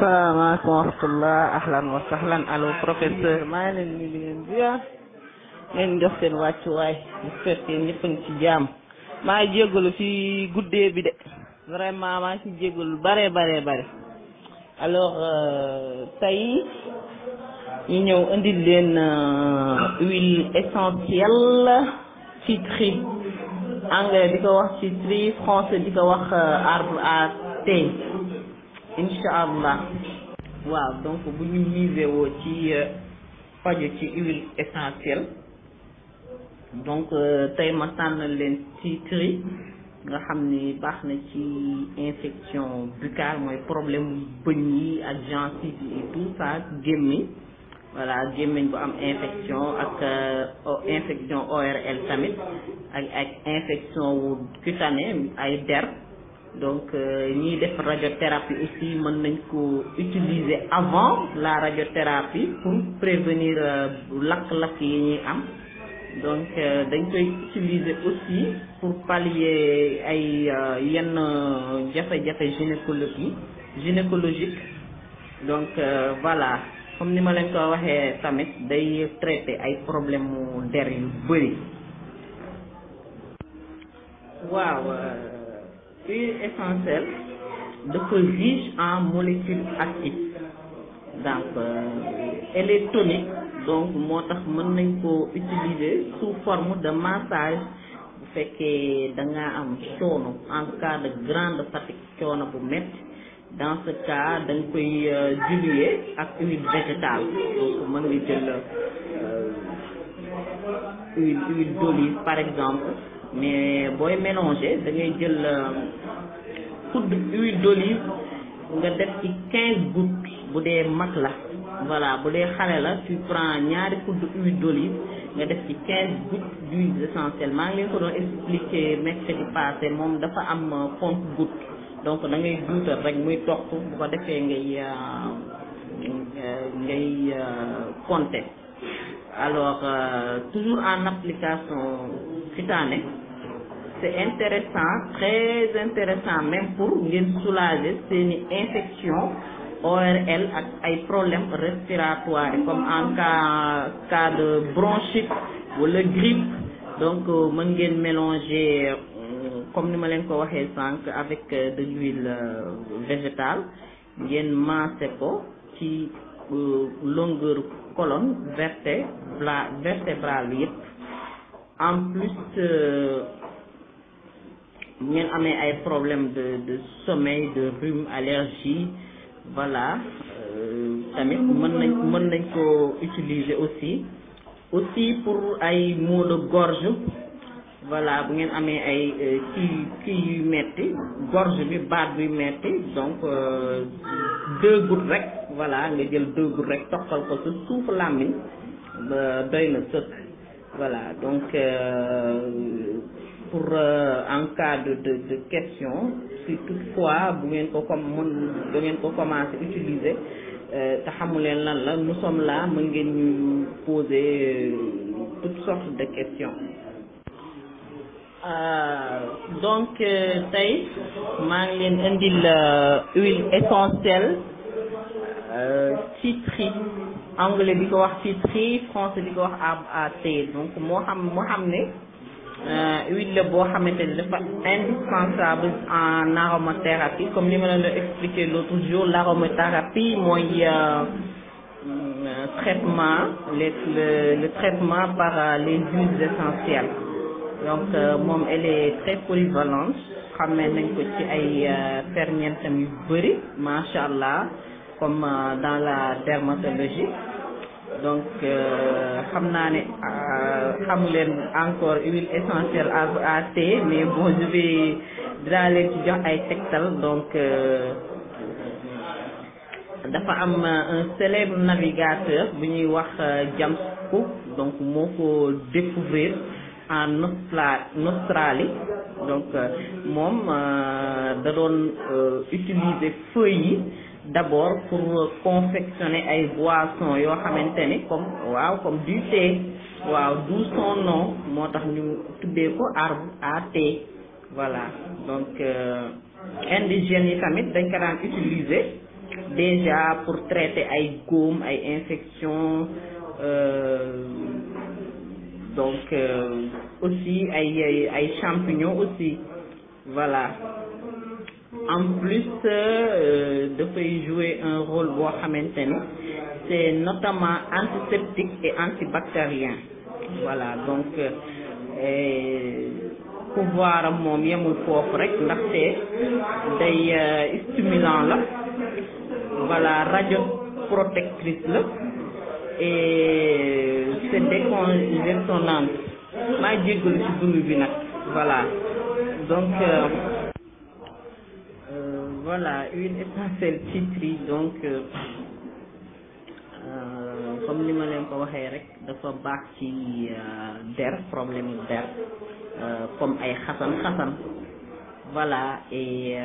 salaamaaleykum wa rahmatullah ahlan wa sahlan allo professeur maa ngi leen ñu di leen ziar leen jox seen wàccuwaay j'espère que ñëpp a ngi ci jàmm maa ngi jégalu ci guddee bi de vraiment maa ngi ci jégalu bare bare bare alors euh, tey ñu ñëw indil leen euh, huile essentielle citri anglais di ko wax citri français di ko wax euh, arbre à thé incha allah waaw donc bu ñu misé ci euh, faju ci huile essentielle donc euh, tey ma leen citri nga xam ni baax na ci infection buccale mooy problème bëñ yi ak gencive yi et tout ça gémmiñ voilà gémmiñ bu am infection ak euh, infection ORL tamit ak ak infection wu cutanée ay der donc euh, ñi def radiothérapie aussi mën nañ ko utiliser avant la radiothérapie pour prévenir euh, lakk-lakk yi ñuy am donc euh, dañ koy utiliser aussi pour pallier ay yenn jafe-jafe gynécologie gynécologique donc voilà comme ni ma leen ko waxee tamit day traiter ay problème mu der yu bëri waaw huile essentielle dafa riche en molécules actives donc elle donc moo tax mën nañ koo utiliser sous forme de massage bu fekkee da nga am coono en cas de grande fatigue coono bu métti dans ce cas da koy euh, diluer ak huile végétale donc mën nga jël euh, d'olive par exemple mais booy mélanger da ngay jël euh, poudre huile d'olive nga def ci quinze gouttes bu dee mag la voilà bu dee xale la tu prends ñaari poudre huile d'olive nga def ci quinze gouttes d'huile essentielle maa ngi leen ko doon expliqué mercredi passé moom dafa am compte-gouttes euh, donc da ngay duutal rek muy toq bu ko defee ngay euh, ngay compter alors toujours en application cutanée c'est intéressant très intéressant même pour ngeen soulager seeni infection ORL ak ay problèmes respiratoires comme en cas cas de bronchite wala grippe donc euh, mën ngeen mélanger euh, comme ni ma leen ko waxee sànq avec euh, de l'huile végétale ngeen maase ko ci longueur colonne vertébrale vertébrale en plus bu ngeen amee ay problème de de sommeil de rhume allergie voilà euh, tamit mën nañ mën nañ koo utiliser aussi aussi pour ay maux de gorge voilà bu ngeen amee ay euh, kii kii yuy metti gorge bi baat buy metti donc euh, deux gouttes rek voilà nga jël deux gouttes rek toqal ko sa suufu làmmiñ doy na sëkk voilà donc pour euh, en cas de de de si toutefois bu ngeen ko comme mën bu ngeen ko commencé utiliser euh, te xamuleen lan la nous sommes là mën ngeen ñu poser euh, toutes sortes de questions. donc tey maa ngi leen indil huile essentielle citri anglais bi ko wax citri français bi ko wax arbre à thé donc moo xam ne. Euh, huile la boo xamante ni dafa indispensable en aromathérapie comme ni ma leen la expliqué l'autre jour l'aromathérapie mooy euh, euh, traitement les le traitement par les huiles essentielles donc moom elle est très polyvalente na nañ ko ci ay ferñeentam yu bëri macha allah comme dans la dermatologie donc euh, xam naa ne euh, xamu leen encore huile essentielle à à thé mais bon je vais dinaa ci jox ay tegtal donc euh, dafa am un célèbre navigateur bu ñuy wax James Cook donc moo ko découvrir en Australie donc moom da doon utiliser feuilles d'abord pour confectionner ay boissons yoo xamante ni comme waaw comme du thé waaw d'où son nom moo tax ñu tuddee ko arbre à thé voilà donc euh, indigènes yi tamit dañ ko déjà pour traiter ay góom ay infection euh, donc euh, aussi ay ay aussi voilà en plus euh, dafay jouer un rôle boo xamante ni c'est notamment antiseptique et antibactérien voilà donc euh, pouvoir am moom yemul foofu rek ndaxte day euh, stimulant la voilà radioprotectrice la et c'est décongestionnante maa jégalu ci dund bi nag voilà donc. voilà huile essentielle citri donc euh, euh, comme ni ma leen ko waxee rek dafa baax ci euh, der problème mu der comme ay xasan xasan voilà et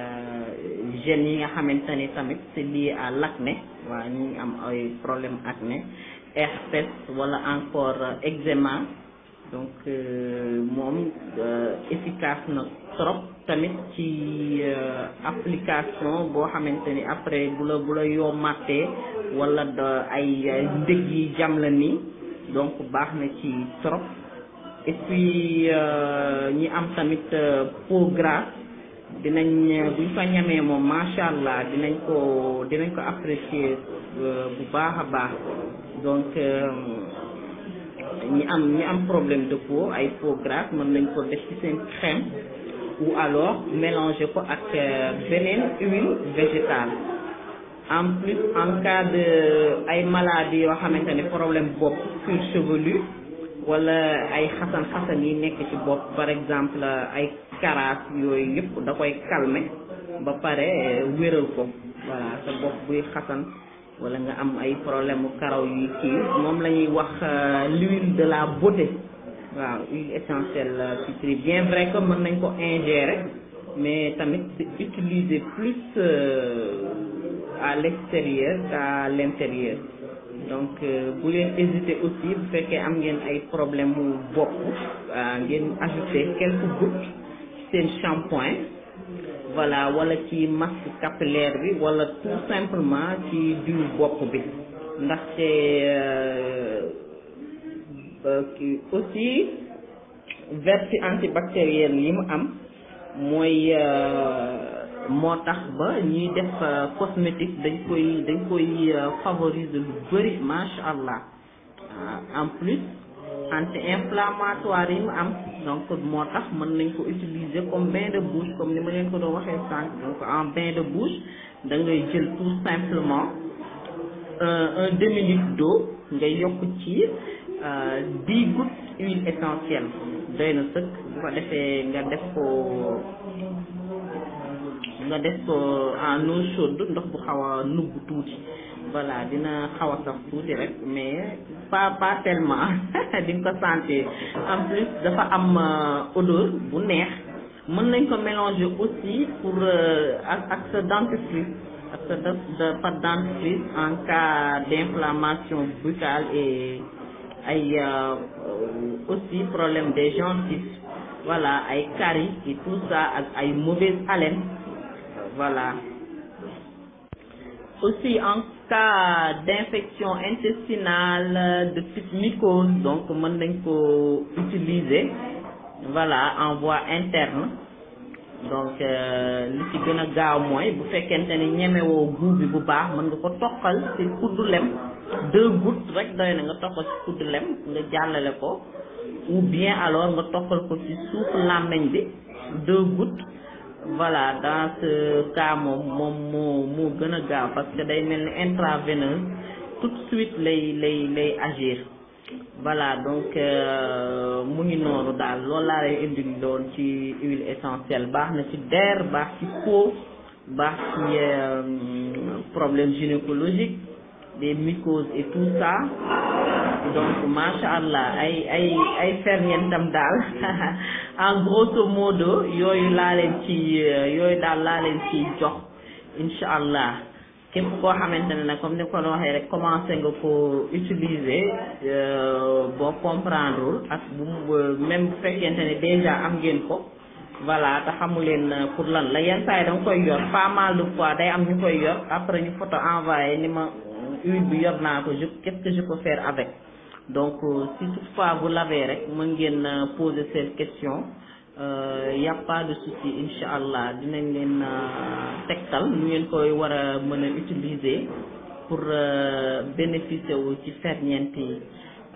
jeunes yi nga xamante ni tamit c'est lié à l'acné waa ñu ngi am ay problème acné herpès wala encore eczéma donc moom efficace na trop tamit ci euh, application boo xamante ni après bu la bu la yoo màttee wala ay ndëg yi jam la nii donc baax na ci trop et puis euh, ñi am tamit euh, peau grasse dinañ buñ fa ñamee moom macha allah dinañ ko dinañ ko apprécier bu baax a baax donc ñi am ñi am problème de peau ay peau grasse mën nañ ko def ci seen crème ou alors mélanger ko ak euh, beneen huile végétale en plus en cas de ay maladie yoo xamante ne problème bopp cuir chevelu wala ay xasan xasan yi nekk ci bopp par exemple ay karaas yooyu yëpp da koy calmer ba pare euh, wéral ko voilà sa bopp buy xasan wala nga am ay problème mu karaw yu kii moom la wax euh, l'huile de la beauté waaw huile essentielle citri bien vrai que mën nañ ko ingérer mais tamit c'est utiliser plus euh, à l'extérieur qu'à l'intérieur donc euh, bu leen hésiter aussi bu fekkee am ngeen ay problème mu bopp ah, ngeen ajouter quelques gouttes seen shampoing voilà wala ci masque capillaire bi wala tout simplement ci diw bopp bi ndaxte euh, kii aussi vertu antibactérienne yi mu am mooy euh, moo tax ba ñuy def euh, cosmétique dañ koy dañ koy euh, favoriser lu bëri macha allah ah, en plus anti-inflammatoire yi mu am donc moo tax mën nañ ko utiliser comme bain de bouche comme ni ma leen ko doon waxee sànq donc en bain de bouche da ngay jël tout simplement un demi litre d'eau nga yokk ci. Euh, dix gouttes huile essentielle doy na sëkk bu ko defee nga def ko nga def ko en eau chaude ndox bu xaw a nugg tuuti voilà dina xaw a sa tuuti rek mais pas pas tellement di nga ko sentir en plus dafa am euh, odeur bu neex mën nañ ko mélanger aussi pour euh, ak ak sa dentifrice ak sa def de pâte dentifrice en cas d' inflammation buccale et ay euh, aussi problème des gencives voilà ay caries et tout ça ak ay mauvaise haleine voilà aussi en cas d'infection intestinale de type mycose donc mën nañ ko utiliser voilà en voie interne donc euh, li ci gën a gaaw mooy bu fekkente ne ñemewoo guub bi bu baax mën nga ko toqal ci kuddu lem deux gouttes rek doy na nga toqal ci kudd lem nga jàllale ko ou bien alors nga toqal ko ci suuf làmmeñ bi deux gouttes voilà dans ce cas moom moom moo moo gën a gaaw parce que day mel ni intraveineuse tout de suite lay lay agir voilà donc euh, mu ngi noonu daal loolu laa lay indi doon ci huile essentielle baax na ci der baax ci peau baax ci euh, problème gynécologique des mycoses et tout ça donc macha allah ay ay ay ferñeentam daal en grosso modo yooyu laale leen ci euh, yooyu daal laa leen ci jox incha allah képp koo xamante ne nag comme ni ko waxee rek commencé nga ko utiliser euh, boo comprendre ak bu euh, même bu fekkente ne déjà am ngeen ko voilà te xamu leen pour lan la yenn saa koy yor pas mal de fois day am ñu koy yor après ñu photo envoyé ni ma. huile bi yor naa ko je qu'est-ce que avec donc euh, si toutefois vous l'avez rek mën ngeen euh, poser seen question euh, y a pas de souci incha allah dinañ leen tegtal nu ngeen koy war a mën a utiliser pour bénéficier wu ci ferñeent yi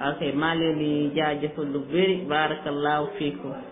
ok maa leen di jaajëfal lu bëri barakallahu fiikum